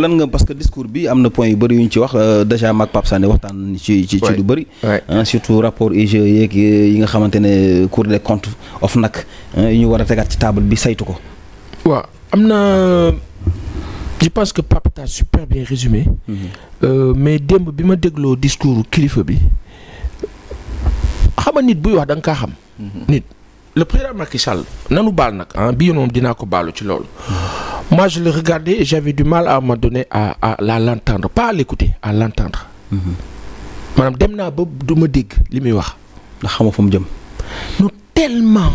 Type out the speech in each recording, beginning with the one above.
lan nga parce que discours bi am na point yu bëri yu ñu ci wax euh, déjà maag Pape Sané waxtaan ci ci lu bëri surtout rapport IGE yeeg euh, yi nga xamante ne Cour des comptes OFNAC yi ñu war a tegaat ci table bi saytu ko waaw am na je pense que Pape t'a super bien résumé mm-hmm. euh, mais démb bi ma dégloo discours kilifa bi xam nga nit buy wax da nga kaa xam mm-hmm. nit le président Macky Sall nanu baal nag ah bii yoon moom dinaa ko baalu ci loolu mm-hmm. Moi, je le regardais et j'avais du mal à me donner à, à, l'entendre. Pas à l'écouter, à l'entendre. Mhm. maanaam dem naa ba du ma dégg li muy wax. ndax xamoo fa mu jëm. non tellement.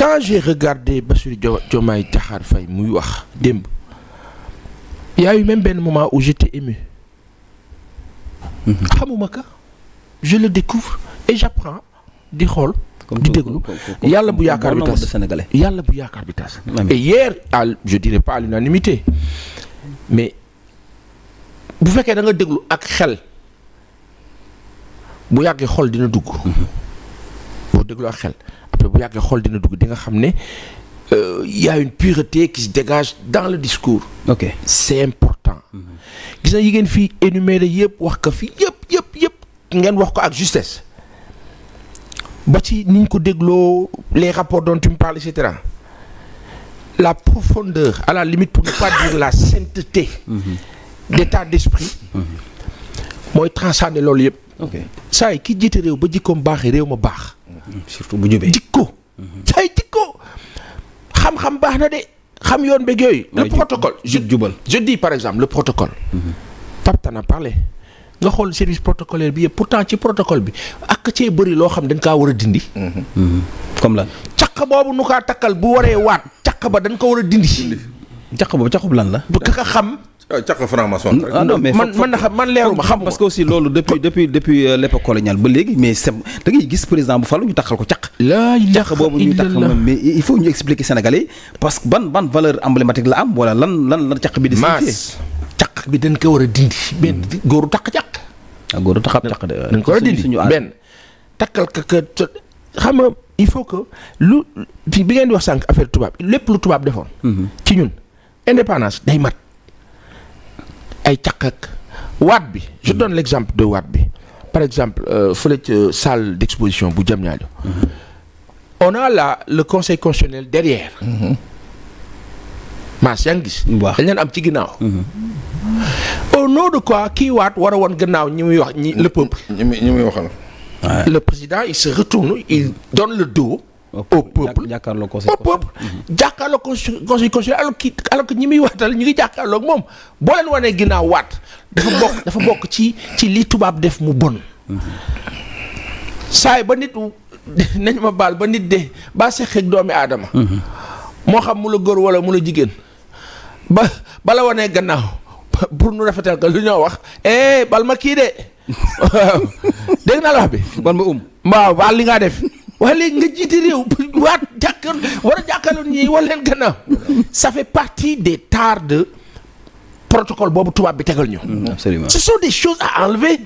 quand j'ai regardé Bassirou Diomaye Diakhar Faye muy wax démb. y a benn moment où j'étais ému. Mhm. xamuma ka je le découvre et j'apprends di xool. di déglu yàlla bu yaakaar bi tas yàlla bu yaakaar bi tas et hier à je dirais pas à l'unanimité mais bu fekkee da nga déglu ak xel bu yàggee xol dina dugg mm-hmm. boo déglu ak xel après bu yàggee xol dina dugg di nga xam ne euh, y a une pureté qui se dégage dans le discours ok c'est important mm-hmm. gis yi ngeen fii énuméré yëpp wax ko fii yëpp yëpp yëpp ngeen wax ko ak justesse ba ci niñ ko dégloo les rapport dont tu me parles la profondeur à la limite pour ne pas dire la sainteté mhm. d'état d'esprit mhm. mooy transcender loolu yëpp saa yi ki jiite réew ba jikkoom baaxee réew ma baax mhm. surtout bu jubee jikko saa yi jikko xam-xam baax na de xam yoon beeg yooyu le protocole jub jubal je par exemple le protocole Pape t'en a nga xool service protocolaire bi yëpp pourtant ci protocole bi ak cee bëri loo xam dañ kaa war a dindi. Mm-hmm. comme lan caq boobu nu kaa takkal bu waree waat caq ba dañ ko war a dindi. caq boobu caqub lan la. bu ka xam. Ah, caq franc-maçon ah, non man man man leeruma xam parce que aussi loolu depuis depuis depuis euh, l'époque coloniale ba léegi mais sem da ngay gis président ñu taxal ko caq caq boobu ñu taxal moom mais il faut ñu expliquer Sénégalais que ban ban valeur emblématique la am wala lan lan la caq bi di signifié caq bi dañ ko war a dindi mais góoru taq caq ak ah, góor taxab caq de. dañ euh, ko dindi benn takkal ka xam nga il faut que lu fii bi ngeen di wax sànq affaire tubaab lépp lu tubaab defoon. Mhm. ci ñun indépendance day mat ay caq ak waat bi. je mhm. donne l' exemple de waat bi par exemple euh, fële ca salle d' exposition bu Diamniadio. Mhm. on a la le conseil constitutionnel derrière. maas yaa ngi gis. dañ leen am ci ginnaaw. au nom de quoi kii waat war a woon gannaaw ñi muy wax ñi le peuple. muy ñi le président il se retourne il donne le dos. au peuple jàkkaarloo conseil au peuple jàkkaarloo conseil conseil alors que alors ñi muy waatal ñu ngi jàkkaarloo ak moom boo leen wanee ginnaaw waat dafa bokk dafa bokk ci ci li tubaab def mu bon. Mm-hmm. saay ba nit nañ ma baal ba nit de ba seq ak doomi aadama. Mm-hmm. moo xam mu la góor wala mu la jigéen ba bala wanee gannaaw. pour nu rafetal ko lu ñoo wax eh bal ma kii de dégg naa la wax bi. bal ma um. waaw baal li ngaa def. wax léegi nga jiite réew waat jàkkar war a jàkkaarloo ñii wala leen gannaaw ça fait partie des tares de protocole boobu tubaab bi tegal ñu. Mm, absolument ce sont des choses à enlever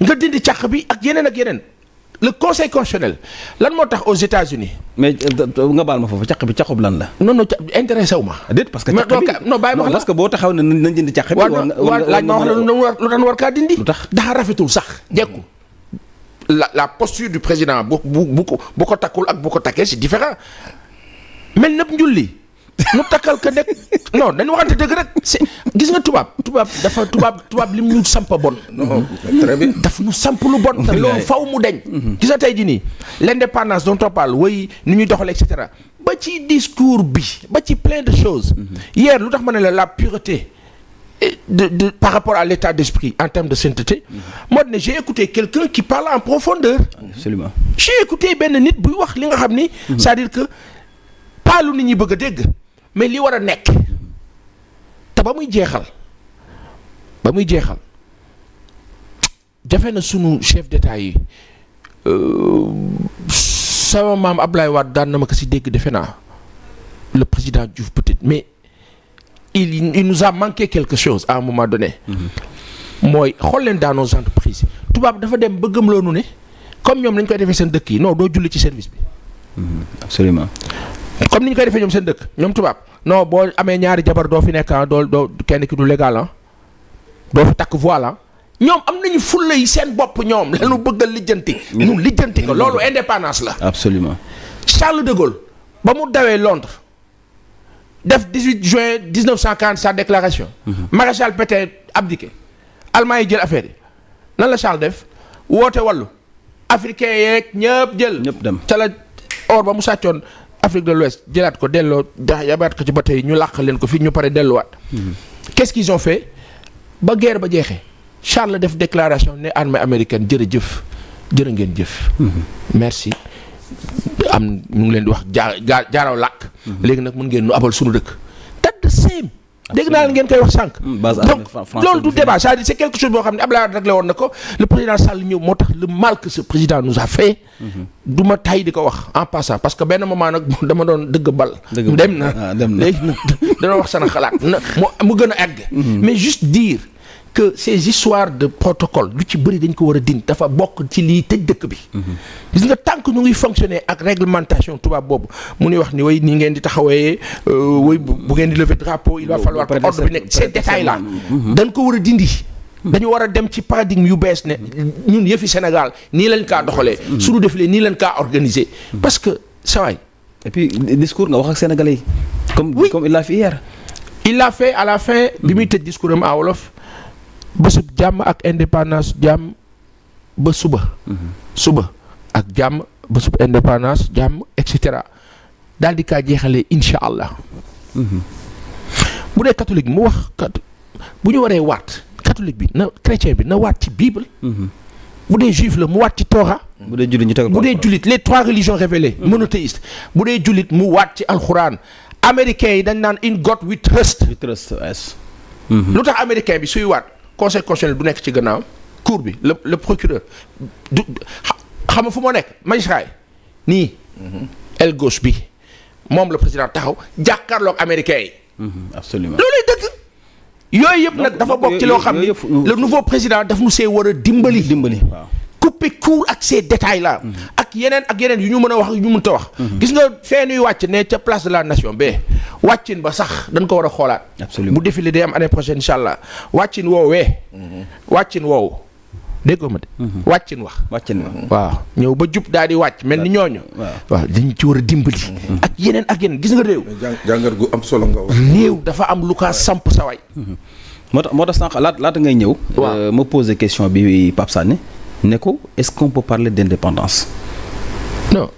nga dindi càq bi ak yeneen ak yeneen. le conseil constitutionnel lan moo tax aux États-Unis mais euh, nga baal ma foofu caq bi caqub lan la. non non intéressé wu ma. déet parce que caq bi non bàyyi ma wax la parce que boo taxaw ne nañ dindi caq bi. war nga war laaj ma la kaa dindi. lu tax daxa rafetul sax jekku la la posture du président bu bu bu ko bu ko takkul ak bu ko takkee c'est différent mel nëpp njulli. mu takkal ka nekk non dañu waxante dëgg rek gis nga tubaab tubaab dafa tubaab tubaab mu ñu samp bon. très bien daf ñu samp lu bon. te loolu faw mu deñ gis nga tey jii nii l'indépendance dont on parle way nu ñuy doxalee et cetera ba ci discours bi ba ci plein de choses. hier lu tax ma ne la la pureté. Eh, de, de, par rapport à l'état d'esprit en termes de sainteté moo ne j'ai écouté quelqu'un qui parle en profondeur absolument j'ai benn nit buy wax li nga xam ni mhm. c'est-à-dire que pas bëgg a dégg mais li war a nekk te ba muy jeexal ba muy jeexal jafe na sunu chef d'état yi euh, sama maam Ablaye waat daan na ma ko si dégg defe naa le président Diouf peut-être mais il il nous a manqué quelque chose à un moment donné. Mm-hmm. mooy xool leen dans nos entreprises tubaab dafa dem ba gëmloo nu ne comme ñoom lañ koy defee seen dëkk yi non doo julli ci service bi. Mm-hmm. absolument comme ni ñu koy defee ñoom seen dëkk ñoom tubaab no boo amee ñaari jabar doo fi nekk ah doo doo kenn ki du légal ah doo fi takk voilà ah. ñoom am nañu fulla yi seen bopp ñoom lañu bëgg a lijjanti. ñu lijjanti ko loolu indépendance la. absolument Charles de gol ba mu dawee Londres def 18 juin 1940 sa déclaration. Mhm. maréchal Pétain abdiqué. Allemand yi jël affaire yi nan la Charles def woote wàllu africain yeeg ñëpp jël. ñëpp dem ca la or ba mu sàccoon. Afrique de l'Ouest jëlaat ko delloo da yabaat ko ci ba tey ñu làq leen ko fii ñu pare delluwaat. Mhm. qu'est-ce qu'ils ont fait ba guerre ba jeexee Charles def déclaration ne arme armée américaine jërëjëf jërë ngeen jëf. Mhm. merci am mu ngi leen di wax jaa jaaraw làkk. Mhm. léegi nag mun ngeen nu abal sunu dëkk. dégg naa la ngeen koy wax sànq. Mm, donc loolu du débat c'est-à-dire c'est quelque chose boo xam ne Abdoulaye Wade réglé woon na ko le président Sall ñëw moo tax le mal que ce président nous a fait. Mm-hmm. du ma tay di ko wax en passant parce que benn moment nag dama doon dëgg bal. Ah, dem na léegi dana wax sana xalaat mu gën a egg. Mm-hmm. mais juste dire. que ces histoires de protocole lu ci bëri dañ ko war a dindi dafa bokk ci lii tëj dëkk bi. gis nga tant que ñu ngi fonctionner ak réglementation tubaab boobu mu ngi wax ni way nii ngeen di taxawee euh, way bu ngeen di lever drapeau il va falloir mm-hmm. dañ ko war a dindi. Mm-hmm. dañu war a dem ci paradigme yu bees ne ñun yëfi Sénégal nii lañ kaa doxalee. Mm-hmm. su ñu defalee nii lañ kaa organiser. parce que saa waay. et puis discours nga wax ak sénégalais yi. comme il l'a fait hier. il l'a fait à la fi bi muy tëj discours am à wolof. bésub jàmm ak indépendance jàmm ba suba. Mhm. suba ak jàmm bésub indépendance jàmm et cetera daal di kaa jeexalee incha allah. Mhm. bu dee catholique mu wax kat bu ñu waree waat catholique bi na chrétien bi na waat ci bible. Mhm. bu dee juif la mu waat ci tooxa. bu dee jullit ñu tegal bu dee jullit les trois religions révélées. monothéiste bu dee jullit mu waat ci alxuraan. américains yi dañ naan in God we trust. we trust lu tax américain bi suy waat. conseil constitutionnel du nekk ci gannaaw cour bi le le procureur du xam nga fu ma nekk magistrat yi nii. Mhm. aile gauche bi moom la président taxaw jàkkaarloog américain yi. Mhm, absolument looluy yëpp nag dafa bokk ci loo xam ne le nouveau président daf nu see war a dimbali. dimbali waaw couper ak ces détails là. Mhm. yeneen ak yeneen yu ñu mën a wax yu ñu mënta wax. Mhm. gis nga fee nuy wàcc ne ca place de la nation be wàccin ba sax dañ ko war a xoolaat. absolument bu défilé day am année prochaine incha allah wàccin woowee. Mhm. wàccin woowu déggoo ma de. Mhm. wàccin wax. wàccin wax waaw ñëw ba jub daal di wàcc mel ni ñooñu. waaw dañu ci war a dimbali. ak yeneen ak yeneen gis nga réew. jàngat gu am solo nga réew dafa am lu kaa samp sa waay. moo tax moo tax sànq laata ngay ñëw. Euh, ma posé question bi Pape Sané ne ko est-ce qu'on peut non.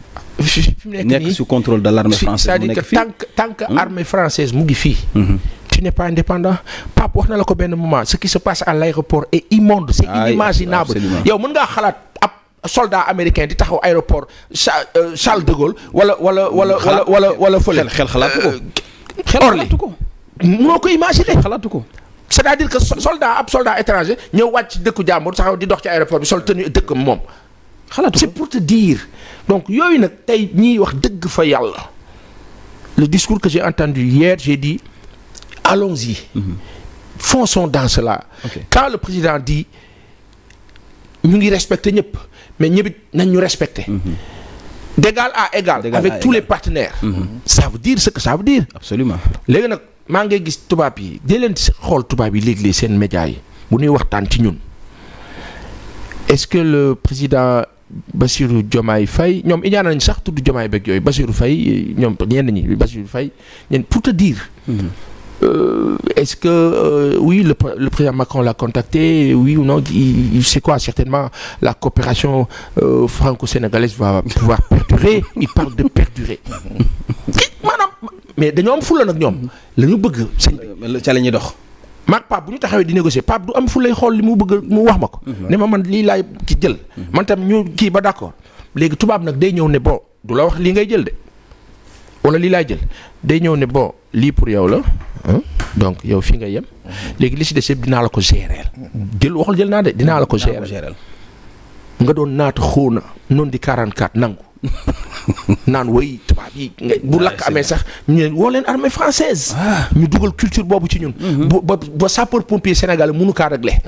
fi mu nekk nekk sous de l' armée française c'est-à-dire que tant que hmm. mu ngi fii. Hmm. tu n'es pas indépendant Pape wax na la ko benn moment ce qui se passe à l'aéroport est immonde c'est inimaginable yow mën ngaa xalaat ab soldat américain di taxaw aéroport euh, Charles de Gaulle wala wala wala wala wala wala fële xel xalaatu ko xel xalaatu ko euh, mënoo ko imaginer xalaatu ko c'est-à-dire que soldat ab soldat étranger ñëw ci dëkku jàmbur taxaw di dox ci aéroport bi sol tenue dëkk moom xalaatu c'est pour te dire donc yooyu nag tey ñiy wax dëgg fa yàlla le discours que j'ai entendu hier j'ai dit allons-y mm -hmm. fonçons dans cela okay. le président dit ñu ngi respecter ñëpp mais ñëppit nañ ñu respecter mm d'égal à égal avec à tous égal. les partenaires mm -hmm. ça veut dire ce que ça dire léegi nag maa ngay gis tubaab yi dee si xool tubaab yi léegi-léeg seen médias yi bu ñuy waxtaan ci ñun est-ce que le président Bassirou Diomaye fay ñoom iñaana nañ sax tout tudd Diomaye beeg yooyu Bassirou fay ñoom ñenn ñi Bassirou Faye ñenn pour te dire. Mhm. Euh, est-ce que euh, oui le, le président Macron l'a contacté oui ou non il, sait quoi certainement la coopération euh, franco-sénégalaise va pouvoir perdurer il parle de perdurer maanaam mais dañoo am fulla nag ñoom la ñu bëgg sëñ bi euh, ca la ñuy dox maag Pape bu ñu taxawee di négocier Pape du am fu lay xool li mu bëgg mu wax ma ko. Mhm. ne ma man lii laay ci jël. Mhm. man tam ñu kii ba d'accord léegi tubaab nag day ñëw ne bon du la wax lii ngay jël de wala lii laay jël day ñëw ne boo lii pour yow la donc yow fii nga yem mhm. léegi li si de yëpp dinaa la ko gérer jël waxul jël naa de dinaa la ko gérer nga doon naata xóona noon di 44 nangu. naan way tubaab yi bu lakk ah, amee sax ñu woo leen armée française ah. ñu dugal culture boobu ci ñun mhm. ba ba sapeur pompier sénégalais mënu kaa régler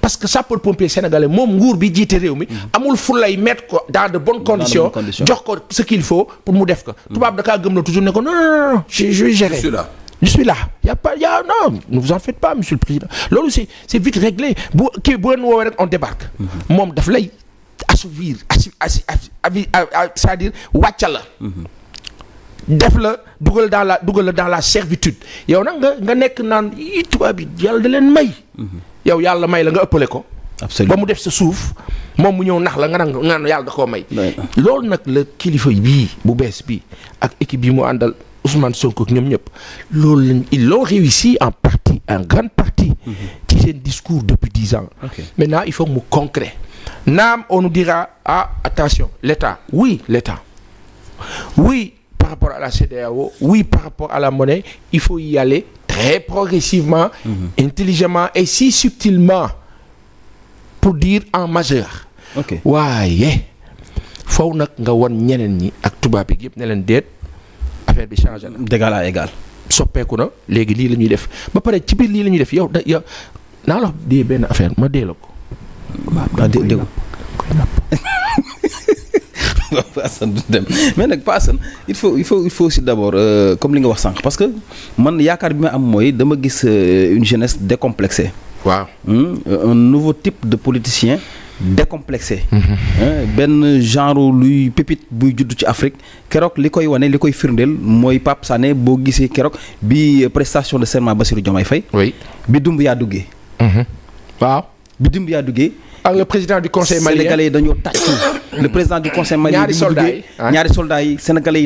parce que sapeur pompier sénégalais moom nguur bi jiite réew mi mhm. amul fu lay mettre ko dans de bonnes conditions jox ko ce qu'il faut pour mu def ko mhm. tubaab da kaa gëm la toujours ne ko non non non je je gère je suis là y' a pas y' a non ne vous en faites pas monsieur le président loolu c'est c'est vite réglé bu kii bu leen woowee rek on débarque moom daf lay assouvir c'est-à-dire wàcc la def la dugal dans la dugal la dans la servitude yow nag nga nga nekk naan i tubaab bi yàlla da leen may mhm. yow yàlla may la nga ëppale ko ba mu def sa suuf moom mu ñëw nax la nga nag nga yàlla da koo may loolu nag la kilifa bii bu bees bi ak équipe yi mu àndal Ousmane Sonko ñoom ñëpp loolu lañ ils l'ont réussi en partie en grande partie mhm. ci seen discours depuis dix ans maintenant il faut mu concret Naam, on nous dira, ah, attention, l'État. Oui, l'État. Oui, par rapport à la CDAO, oui, par rapport à la monnaie, il faut y aller très progressivement, mm -hmm. et si subtilement pour dire en majeur. ok waaye foofu nag nga wan ñeneen ñi ak tubaab yi yëpp ne leen déet affaire bi changé na. d'égal à égal. soppeeku na léegi lii la ñuy def ba pare ci biir lii la ñuy def yow da yow naa la wax benn affaire ma dee la ko. waaw ah, dégg Pa Assane dem mais nag Pa il faut il faut il faut aussi d'abord euh, comme li nga wax sànq parce que man yaakaar bi ma am mooy dama gis euh, une jeunesse décomplexée. waaw hmm? euh, un nouveau type de politicien décomplexé. Mhm. benn genre luy pépite buy judd ci Afrique keroog li koy wane li koy firndeel mooy Pape Sané boo gisee keroog bi prestation de serment Bassirou Diomaye Faye. oui bi dumb yaa duggee. Mhm. waaw bi dumb yaa duggee. ak le président du conseil malien sénégalais dañoo tàcc. le président du conseil malien ñaari soldats yi ah. ñaari soldats yi sénégalais yi.